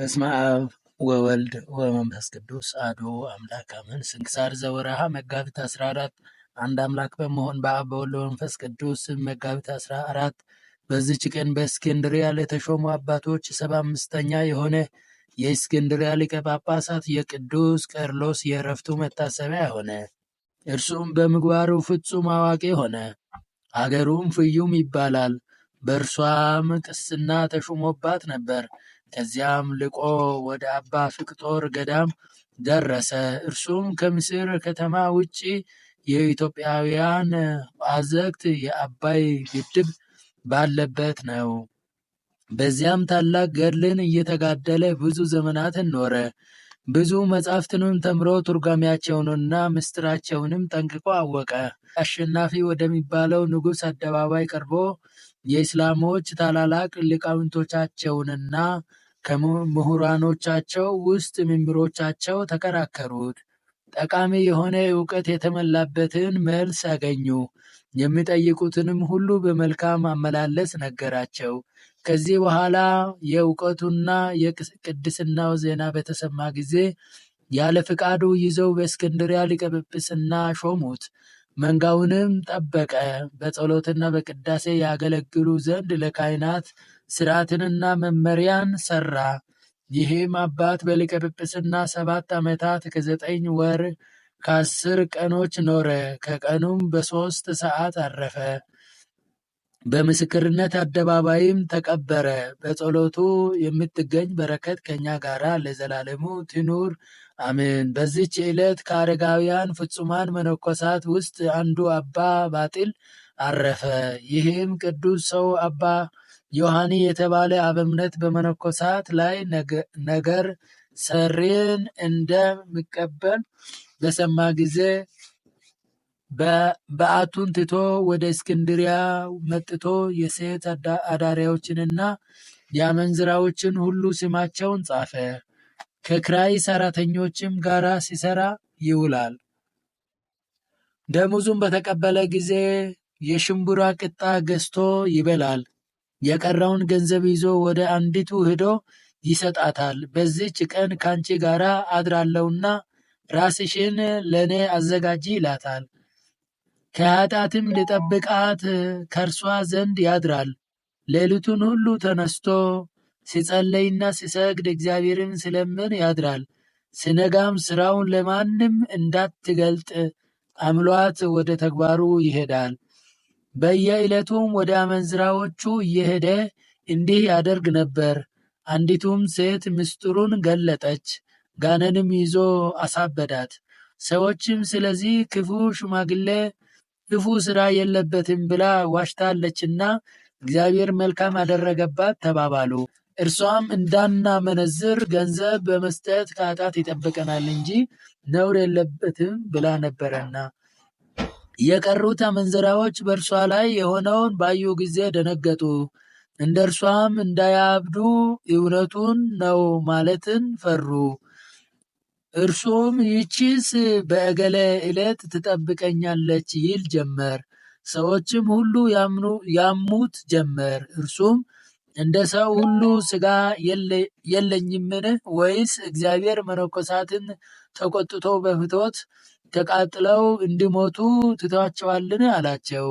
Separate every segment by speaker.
Speaker 1: በስመ አብ ወወልድ ወመንፈስ ቅዱስ አሐዱ አምላክ አሜን። ስንክሳር ዘወረሃ መጋቢት 14 አንድ አምላክ በመሆን በአብ በወልድ በመንፈስ ቅዱስ መጋቢት 14 በዚች ቀን በእስክንድርያ ለተሾሙ አባቶች ሰባ አምስተኛ የሆነ የእስክንድርያ ሊቀ ጳጳሳት የቅዱስ ቀርሎስ የእረፍቱ መታሰቢያ ሆነ። እርሱም በምግባሩ ፍጹም አዋቂ ሆነ። አገሩም ፍዩም ይባላል። በእርሷም ቅስና ተሹሞባት ነበር። ከዚያም ልቆ ወደ አባ ፍቅጦር ገዳም ደረሰ። እርሱም ከምስር ከተማ ውጭ የኢትዮጵያውያን አዘግት የአባይ ግድብ ባለበት ነው። በዚያም ታላቅ ገድልን እየተጋደለ ብዙ ዘመናትን ኖረ። ብዙ መጻሕፍትንም ተምሮ ቱርጋሚያቸውንና ምስጢራቸውንም ጠንቅቆ አወቀ። አሸናፊ ወደሚባለው ንጉሥ አደባባይ ቀርቦ የእስላሞች ታላላቅ ሊቃውንቶቻቸውንና ከምሁራኖቻቸው ውስጥ ምንብሮቻቸው ተከራከሩት። ጠቃሚ የሆነ እውቀት የተሞላበትን መልስ አገኙ። የሚጠይቁትንም ሁሉ በመልካም አመላለስ ነገራቸው። ከዚህ በኋላ የእውቀቱና የቅድስናው ዜና በተሰማ ጊዜ ያለ ፈቃዱ ይዘው በእስክንድሪያ ሊቀ ጵጵስና ሾሙት። መንጋውንም ጠበቀ። በጸሎትና በቅዳሴ ያገለግሉ ዘንድ ለካህናት ስርዓትንና መመሪያን ሠራ። ይህም አባት በሊቀ ጵጵስና ሰባት ዓመታት ከዘጠኝ ወር ከአስር ቀኖች ኖረ። ከቀኑም በሦስት ሰዓት አረፈ። በምስክርነት አደባባይም ተቀበረ። በጸሎቱ የምትገኝ በረከት ከእኛ ጋራ ለዘላለሙ ትኑር አሜን። በዚች ዕለት ከአረጋውያን ፍጹማን መነኮሳት ውስጥ አንዱ አባ ባጢል አረፈ። ይህም ቅዱስ ሰው አባ ዮሐኒ የተባለ አበምነት በመነኮሳት ላይ ነገር ሰሪን እንደሚቀበል በሰማ ጊዜ በዓቱን ትቶ ወደ እስክንድሪያ መጥቶ የሴት አዳሪዎችንና የአመንዝራዎችን ሁሉ ስማቸውን ጻፈ። ከክራይ ሰራተኞችም ጋር ሲሰራ ይውላል። ደሙዙን በተቀበለ ጊዜ የሽምብራ ቅጣ ገዝቶ ይበላል። የቀረውን ገንዘብ ይዞ ወደ አንዲቱ ሄዶ ይሰጣታል። በዚህች ቀን ካንቺ ጋር አድራለውና ራስሽን ለእኔ አዘጋጂ ይላታል። ከኃጢአትም ሊጠብቃት ከእርሷ ዘንድ ያድራል። ሌሊቱን ሁሉ ተነስቶ ሲጸልይና ሲሰግድ እግዚአብሔርን ስለምን ያድራል። ሲነጋም ስራውን ለማንም እንዳትገልጥ አምሏት ወደ ተግባሩ ይሄዳል። በየዕለቱም ወደ አመንዝራዎቹ እየሄደ እንዲህ ያደርግ ነበር። አንዲቱም ሴት ምስጢሩን ገለጠች፣ ጋነንም ይዞ አሳበዳት። ሰዎችም ስለዚህ ክፉ ሽማግሌ ክፉ ስራ የለበትም ብላ ዋሽታለችና እግዚአብሔር መልካም አደረገባት ተባባሉ። እርሷም እንዳናመነዝር ገንዘብ በመስጠት ከኃጢአት ይጠብቀናል እንጂ ነውር የለበትም ብላ ነበረና። የቀሩት አመንዝራዎች በእርሷ ላይ የሆነውን ባዩ ጊዜ ደነገጡ። እንደ እርሷም እንዳያብዱ እውነቱን ነው ማለትን ፈሩ። እርሱም ይቺስ በእገለ ዕለት ትጠብቀኛለች ይል ጀመር። ሰዎችም ሁሉ ያሙት ጀመር። እርሱም እንደ ሰው ሁሉ ስጋ የለኝምን? ወይስ እግዚአብሔር መነኮሳትን ተቆጥቶ በፍቶት ተቃጥለው እንዲሞቱ ትተዋቸዋልን? አላቸው።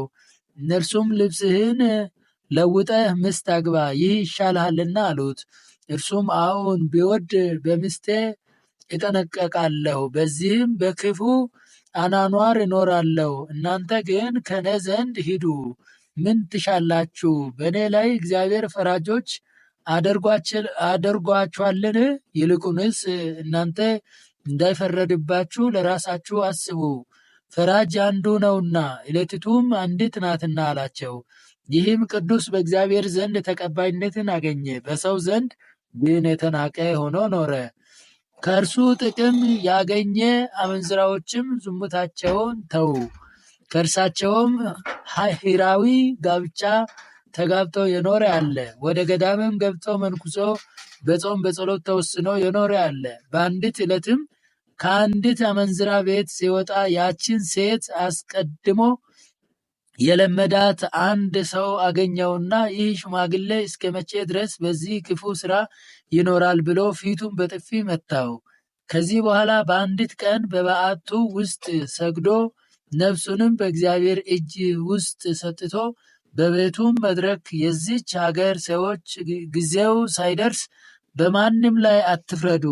Speaker 1: እነርሱም ልብስህን ለውጠህ ሚስት አግባ፣ ይህ ይሻልሃልና አሉት። እርሱም አሁን ቢወድ በሚስቴ እጠነቀቃለሁ፣ በዚህም በክፉ አናኗር እኖራለሁ። እናንተ ግን ከነ ዘንድ ሂዱ ምን ትሻላችሁ? በእኔ ላይ እግዚአብሔር ፈራጆች አደርጓችኋልን? ይልቁንስ እናንተ እንዳይፈረድባችሁ ለራሳችሁ አስቡ፣ ፈራጅ አንዱ ነውና እለትቱም አንዲት ናትና አላቸው። ይህም ቅዱስ በእግዚአብሔር ዘንድ ተቀባይነትን አገኘ፣ በሰው ዘንድ ግን የተናቀ ሆኖ ኖረ። ከእርሱ ጥቅም ያገኘ አመንዝራዎችም ዝሙታቸውን ተዉ። ከእርሳቸውም ሂራዊ ጋብቻ ተጋብተው የኖረ አለ። ወደ ገዳምም ገብተው መንኩሶ በጾም በጸሎት ተወስኖ የኖረ አለ። በአንዲት ዕለትም ከአንዲት አመንዝራ ቤት ሲወጣ ያችን ሴት አስቀድሞ የለመዳት አንድ ሰው አገኘውና ይህ ሽማግሌ እስከ መቼ ድረስ በዚህ ክፉ ስራ ይኖራል ብሎ ፊቱን በጥፊ መታው። ከዚህ በኋላ በአንዲት ቀን በበዓቱ ውስጥ ሰግዶ ነፍሱንም በእግዚአብሔር እጅ ውስጥ ሰጥቶ በቤቱም መድረክ የዚች ሀገር ሰዎች ጊዜው ሳይደርስ በማንም ላይ አትፍረዱ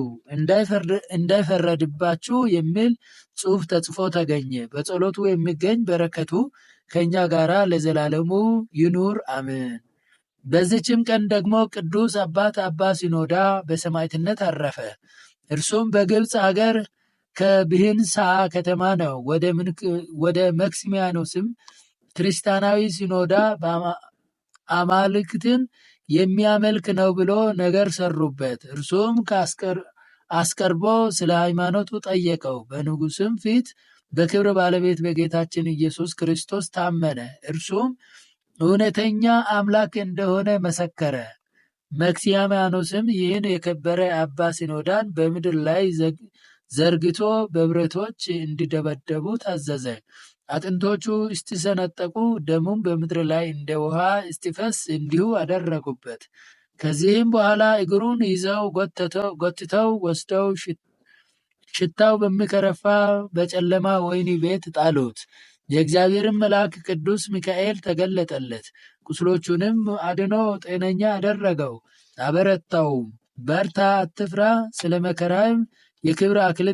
Speaker 1: እንዳይፈረድባችሁ የሚል ጽሑፍ ተጽፎ ተገኘ። በጸሎቱ የሚገኝ በረከቱ ከእኛ ጋራ ለዘላለሙ ይኑር አምን! በዚችም ቀን ደግሞ ቅዱስ አባት አባ ሲኖዳ በሰማዕትነት አረፈ። እርሱም በግብፅ ሀገር ከብህንሳ ከተማ ነው ወደ መክሲሚያኖስም ክርስቲያናዊ ሲኖዳ አማልክትን የሚያመልክ ነው ብሎ ነገር ሰሩበት። እርሱም አስቀርቦ ስለ ሃይማኖቱ ጠየቀው። በንጉስም ፊት በክብር ባለቤት በጌታችን ኢየሱስ ክርስቶስ ታመነ። እርሱም እውነተኛ አምላክ እንደሆነ መሰከረ። መክሲሚያኖስም ይህን የከበረ አባ ሲኖዳን በምድር ላይ ዘርግቶ በብረቶች እንዲደበደቡ ታዘዘ። አጥንቶቹ እስቲሰነጠቁ ደሙም በምድር ላይ እንደ ውሃ እስቲፈስ እንዲሁ አደረጉበት። ከዚህም በኋላ እግሩን ይዘው ጎትተው ወስደው ሽታው በሚከረፋ በጨለማ ወይኒ ቤት ጣሉት። የእግዚአብሔርን መልአክ ቅዱስ ሚካኤል ተገለጠለት፣ ቁስሎቹንም አድኖ ጤነኛ አደረገው፣ አበረታው በርታ፣ አትፍራ፣ ስለ መከራም የክብር አክሊል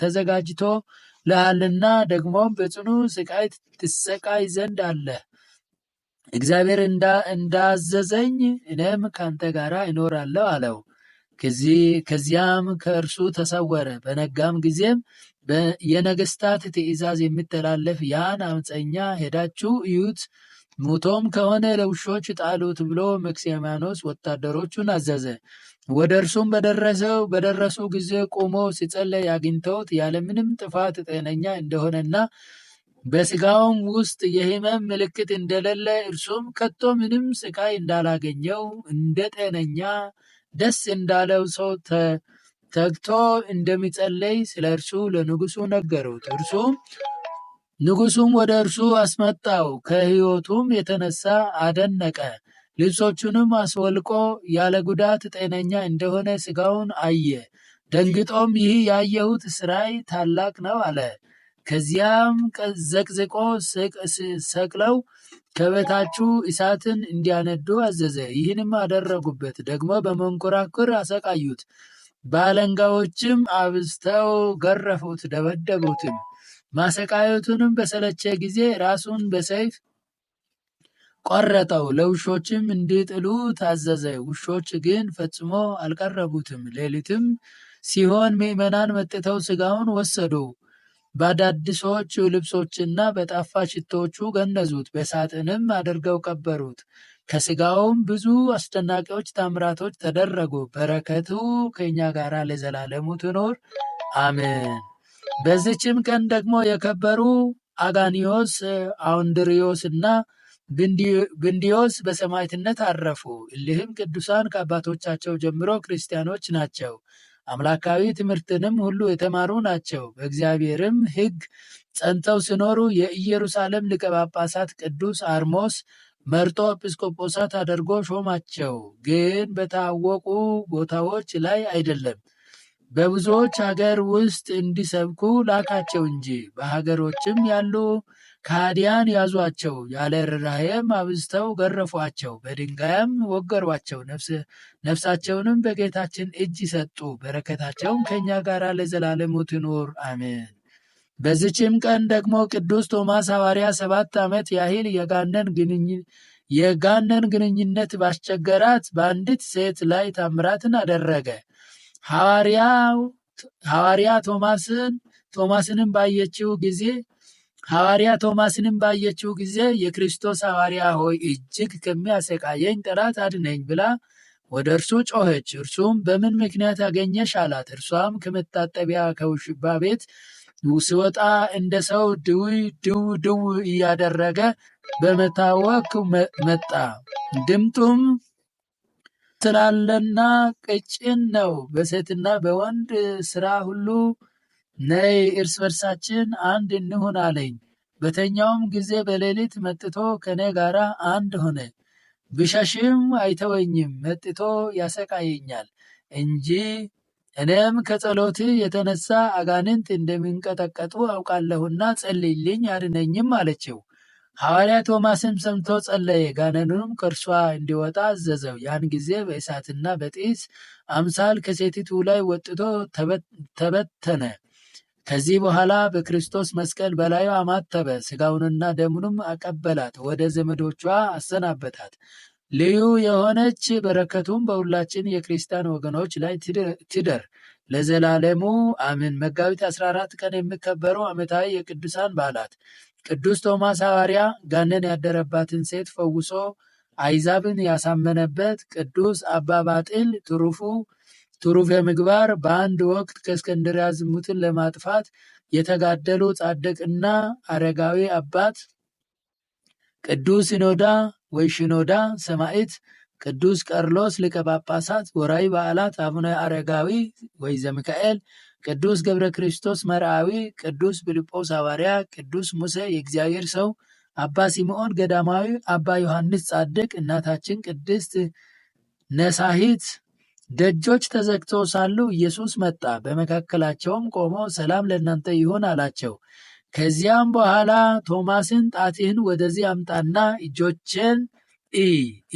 Speaker 1: ተዘጋጅቶልሃልና ደግሞም በጽኑ ስቃይ ትሰቃይ ዘንድ አለ። እግዚአብሔር እንዳዘዘኝ እኔም ካንተ ጋር እኖራለሁ አለው። ከዚያም ከእርሱ ተሰወረ። በነጋም ጊዜም የነገስታት ትእዛዝ የሚተላለፍ ያን ዓመፀኛ ሄዳችሁ እዩት፣ ሙቶም ከሆነ ለውሾች ጣሉት ብሎ መክሲማኖስ ወታደሮቹን አዘዘ። ወደ እርሱም በደረሰው በደረሱ ጊዜ ቆሞ ሲጸለይ አግኝተውት ያለምንም ጥፋት ጤነኛ እንደሆነና በስጋውም ውስጥ የህመም ምልክት እንደሌለ እርሱም ከቶ ምንም ስቃይ እንዳላገኘው እንደ ጤነኛ ደስ እንዳለው ሰው ተግቶ እንደሚጸለይ ስለ እርሱ ለንጉሱ ነገሩት። እርሱም ንጉሱም ወደ እርሱ አስመጣው፣ ከህይወቱም የተነሳ አደነቀ። ልብሶቹንም አስወልቆ ያለ ጉዳት ጤነኛ እንደሆነ ሥጋውን አየ። ደንግጦም ይህ ያየሁት ስራይ ታላቅ ነው አለ። ከዚያም ዘቅዝቆ ሰቅለው ከበታችሁ እሳትን እንዲያነዱ አዘዘ። ይህንም አደረጉበት። ደግሞ በመንኮራኩር አሰቃዩት። በአለንጋዎችም አብዝተው ገረፉት፣ ደበደቡትም። ማሰቃየቱንም በሰለቸ ጊዜ ራሱን በሰይፍ ቆረጠው። ለውሾችም እንዲጥሉ ታዘዘ። ውሾች ግን ፈጽሞ አልቀረቡትም። ሌሊትም ሲሆን ምዕመናን መጥተው ሥጋውን ወሰዱ። በአዳዲሶች ልብሶችና በጣፋ ሽቶቹ ገነዙት። በሳጥንም አድርገው ቀበሩት። ከሥጋውም ብዙ አስደናቂዎች ታምራቶች ተደረጉ። በረከቱ ከእኛ ጋር ለዘላለሙ ትኖር አሜን። በዚችም ቀን ደግሞ የከበሩ አጋኒዮስ፣ አውንድሪዮስ እና ብንዲዮስ በሰማዕትነት አረፉ። እሊህም ቅዱሳን ከአባቶቻቸው ጀምሮ ክርስቲያኖች ናቸው። አምላካዊ ትምህርትንም ሁሉ የተማሩ ናቸው። በእግዚአብሔርም ሕግ ጸንተው ሲኖሩ የኢየሩሳሌም ሊቀ ጳጳሳት ቅዱስ አርሞስ መርጦ ኤጲስቆጶሳት አድርጎ ሾማቸው። ግን በታወቁ ቦታዎች ላይ አይደለም፣ በብዙዎች ሀገር ውስጥ እንዲሰብኩ ላካቸው እንጂ በሀገሮችም ያሉ ካዲያን ያዟቸው ያለ ርኅራኄም አብዝተው ገረፏቸው፣ በድንጋይም ወገሯቸው። ነፍሳቸውንም በጌታችን እጅ ሰጡ። በረከታቸውም ከእኛ ጋር ለዘላለሙ ትኑር፣ አሜን። በዚችም ቀን ደግሞ ቅዱስ ቶማስ ሐዋርያ ሰባት ዓመት ያህል የጋነን ግንኙነት የጋነን ግንኙነት ባስቸገራት በአንዲት ሴት ላይ ታምራትን አደረገ። ሐዋርያ ቶማስን ቶማስንም ባየችው ጊዜ ሐዋርያ ቶማስንም ባየችው ጊዜ የክርስቶስ ሐዋርያ ሆይ እጅግ ከሚያሰቃየኝ ጠላት አድነኝ ብላ ወደ እርሱ ጮኸች። እርሱም በምን ምክንያት አገኘሽ አላት። እርሷም ከመታጠቢያ ከውሽባ ቤት ስወጣ እንደ ሰው ድው ድው ድው እያደረገ በመታወክ መጣ፣ ድምጡም ትላለና ቀጭን ነው፣ በሴትና በወንድ ስራ ሁሉ ነይ እርስ በርሳችን አንድ እንሁን አለኝ። በተኛውም ጊዜ በሌሊት መጥቶ ከኔ ጋር አንድ ሆነ። ብሸሽም አይተወኝም፣ መጥቶ ያሰቃየኛል እንጂ እኔም ከጸሎት የተነሳ አጋንንት እንደሚንቀጠቀጡ አውቃለሁና ጸልይልኝ አድነኝም አለችው። ሐዋርያ ቶማስም ሰምቶ ጸለየ፣ ጋነኑንም ከእርሷ እንዲወጣ አዘዘው። ያን ጊዜ በእሳትና በጢስ አምሳል ከሴቲቱ ላይ ወጥቶ ተበተነ። ከዚህ በኋላ በክርስቶስ መስቀል በላዩ አማተበ፣ ስጋውንና ደሙንም አቀበላት፣ ወደ ዘመዶቿ አሰናበታት። ልዩ የሆነች በረከቱም በሁላችን የክርስቲያን ወገኖች ላይ ትደር ለዘላለሙ አምን መጋቢት 14 ቀን የሚከበሩ ዓመታዊ የቅዱሳን በዓላት ቅዱስ ቶማስ ሐዋርያ ጋነን ያደረባትን ሴት ፈውሶ አይዛብን ያሳመነበት፣ ቅዱስ አባ ባጥል ትሩፉ ትሩፋተ ምግባር በአንድ ወቅት ከእስከንድሪያ ዝሙትን ለማጥፋት የተጋደሉ ጻድቅና አረጋዊ አባት ቅዱስ ሲኖዳ ሰማዕት፣ ቅዱስ ቀርሎስ ሊቀ ጳጳሳት። ወራዊ በዓላት፦ አቡነ አረጋዊ ዘሚካኤል፣ ቅዱስ ገብረ ክርስቶስ መርአዊ ቅዱስ ፊልጶስ ሐዋርያ፣ ቅዱስ ሙሴ የእግዚአብሔር ሰው፣ አባ ሲምዖን ገዳማዊ፣ አባ ዮሐንስ ጻድቅ፣ እናታችን ቅድስት ነሳሂት ደጆች ተዘግተው ሳሉ ኢየሱስ መጣ፣ በመካከላቸውም ቆሞ ሰላም ለእናንተ ይሁን አላቸው። ከዚያም በኋላ ቶማስን ጣትህን ወደዚህ አምጣና እጆችን ኢ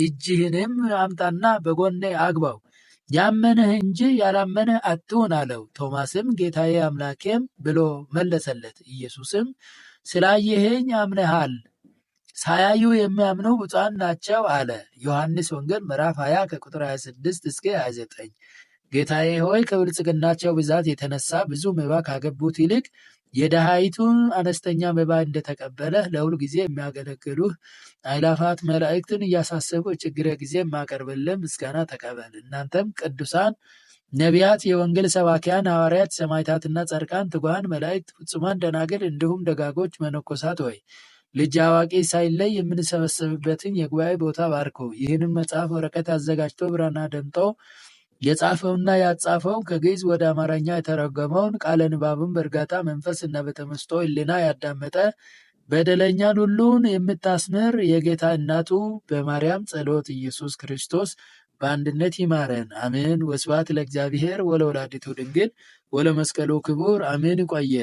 Speaker 1: እጅህንም አምጣና በጎኔ አግባው፣ ያመነህ እንጂ ያላመነህ አትሁን አለው። ቶማስም ጌታዬ አምላኬም ብሎ መለሰለት። ኢየሱስም ስላየኸኝ አምነሃል ሳያዩ የሚያምኑ ብፁዓን ናቸው አለ። ዮሐንስ ወንጌል ምዕራፍ 20 ከቁጥር 26 እስከ 29። ጌታዬ ሆይ ከብልጽግናቸው ብዛት የተነሳ ብዙ መባ ካገቡት ይልቅ የደሃይቱን አነስተኛ መባ እንደተቀበለ ለሁል ጊዜ የሚያገለግሉህ አእላፋት መላእክትን እያሳሰቡ ችግረ ጊዜ የማቀርብልህ ምስጋና ተቀበል። እናንተም ቅዱሳን ነቢያት፣ የወንጌል ሰባኪያን ሐዋርያት፣ ሰማዕታትና ጻድቃን፣ ትጉሃን መላእክት፣ ፍጹማን ደናግል እንዲሁም ደጋጎች መነኮሳት ወይ። ልጅ አዋቂ ሳይለይ የምንሰበሰብበትን የጉባኤ ቦታ ባርኮ፣ ይህንን መጽሐፍ ወረቀት አዘጋጅቶ ብራና ደምጠው የጻፈውና ያጻፈው ከግዕዝ ወደ አማርኛ የተረጎመውን ቃለ ንባብን በእርጋታ መንፈስ እና በተመስጦ ሕሊና ያዳመጠ በደለኛን ሁሉን የምታስምር የጌታ እናቱ በማርያም ጸሎት ኢየሱስ ክርስቶስ በአንድነት ይማረን። አሜን። ወስብሐት ለእግዚአብሔር ወለወላዲቱ ድንግል ወለመስቀሉ ክቡር። አሜን። ይቆየ